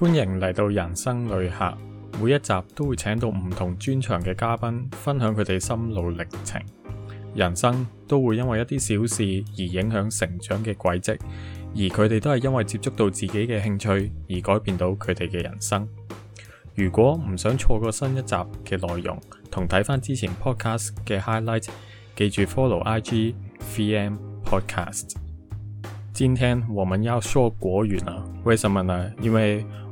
歡迎嚟到人生旅客，每一集都會請到唔同專場嘅嘉賓，分享佢哋心路歷程。人生都會因為一啲小事而影響成長嘅軌迹，而佢哋都係因為接觸到自己嘅興趣而改變到佢哋嘅人生。如果唔想錯過新一集嘅內容，同睇翻之前 podcast 嘅 highlight，記住 follow IG VM Podcast。今天我們要說國語啊，為什麼呢？因為。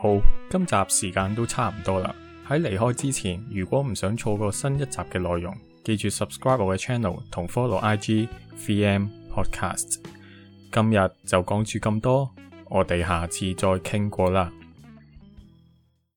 好，今集時間都差唔多啦。喺離開之前，如果唔想錯過新一集嘅內容，記住 subscribe 我嘅 channel 同 follow IG VM Podcast。今日就講住咁多，我哋下次再傾過啦。